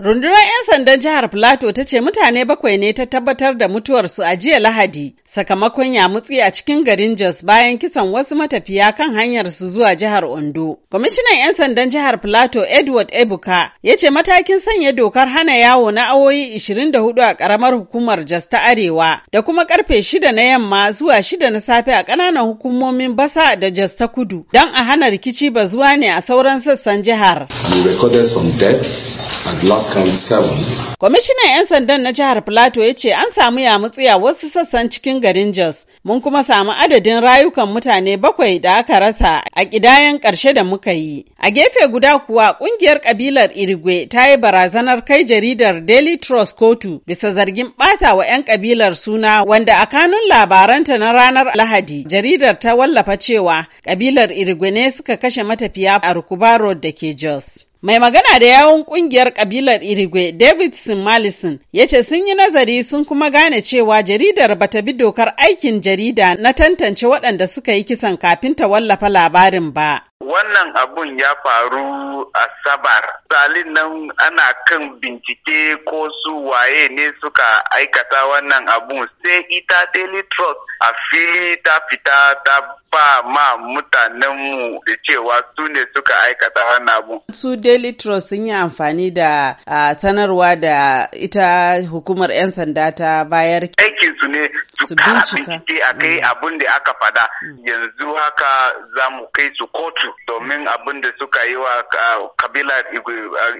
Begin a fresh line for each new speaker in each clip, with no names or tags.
Rundunar 'yan sandan jihar Filato ta ce mutane bakwai ne ta tabbatar da mutuwarsu a jiya Lahadi sakamakon yamutsi a cikin garin Jos bayan kisan wasu matafiya kan hanyar su zuwa jihar Ondo. Kwamishinan 'yan sandan jihar Filato Edward Ebuka ya ce matakin sanya dokar hana yawo na awoyi 24 a karamar hukumar Jos ta Arewa da kuma karfe shida na yamma zuwa shida na safe a kananan hukumomin Basa da Jos ta Kudu don a hana rikici ba zuwa ne a sauran sassan jihar. Kwamishinan 'yan sandan na jihar Plateau ya ce an samu matsiya wasu sassan cikin garin Jos, mun kuma samu adadin rayukan mutane bakwai da aka rasa a ƙidayen ƙarshe da muka yi. A gefe guda kuwa ƙungiyar ƙabilar Irigwe ta yi barazanar kai jaridar Daily Trust kotu bisa zargin ɓata wa 'yan ƙabilar suna wanda a kanun labaranta na ranar Lahadi jaridar ta wallafa cewa ƙabilar Irigwe ne suka kashe matafiya a Rukuba Road da ke Jos. Mai magana da yawun kungiyar kabilar Irigwe David Malison ya ce sun yi nazari sun kuma gane cewa jaridar bata bi dokar aikin jarida na tantance waɗanda suka yi kisan kafin ta wallafa labarin ba.
wannan abun ya faru a sabar salin nan ana kan bincike ko su waye ne suka aikata wannan abun sai ita daily trust a fili ta fita ta ba ma mutanenmu da cewa su ne suka aikata wannan abun
su daily trust sun yi amfani da sanarwa da ita hukumar 'yan sanda ta bayar aikinsu
ne su bincika a kai eh. abin da aka fada mm. yanzu haka za mu kai su kotu domin abin da suka yi wa kabila eh,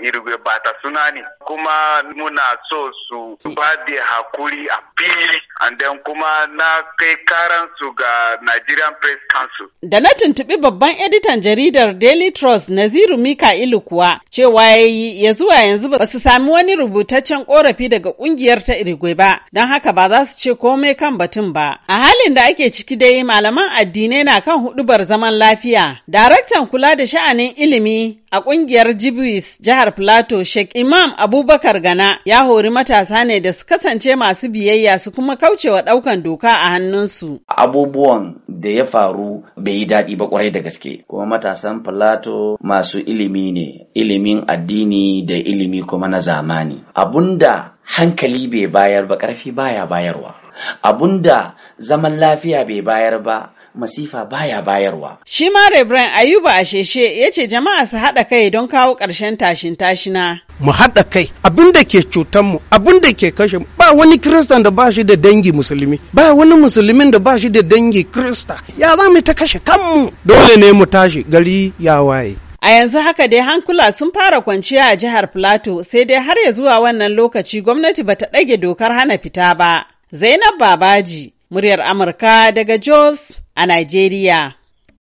irigwe ba ta suna ne kuma muna so su ba da hakuri a fili and then kuma na kai karan su ga Nigerian Press Council.
Da na tuntubi babban editan jaridar Daily Trust Naziru ilu kuwa cewa ya yi ya zuwa yanzu ba su sami wani rubutaccen korafi daga kungiyar ta irigwe ba don haka ba za su ce komai kan batun ba. A halin da ake ciki dai malaman addinai na kan hudubar zaman lafiya. Daraktan kula kula da sha'anin ilimi a ƙungiyar Jibris jihar plato Sheikh Imam Abubakar Gana ya hori matasa ne da su kasance masu biyayya su kuma kaucewa ɗaukan doka a hannunsu.
Abubuwan da ya faru bai yi daɗi ba kwarai da gaske. Kuma matasan plato masu ilimi ne, ilimin addini da ilimi kuma na zamani. Abunda hankali bai bayar ba ƙarfi baya bayarwa. Abunda zaman lafiya bai bayar ba masifa baya bayarwa.
Shi ma Rebran Ayuba Asheshe ya ce jama'a su haɗa kai don kawo ƙarshen tashin tashina. Mu haɗa kai abin da ke mu abin da ke kashe mu ba wani Kirista da ba shi da dangi musulmi ba wani musulmin da ba shi da dangi kirista ya za mu ta kashe kanmu dole ne
mu tashi gari ya waye.
A yanzu haka dai hankula sun fara kwanciya a jihar Plateau sai dai har ya zuwa wannan lokaci gwamnati bata ɗage dokar hana fita ba. Zainab Babaji, muryar Amurka daga Jos a Nigeria.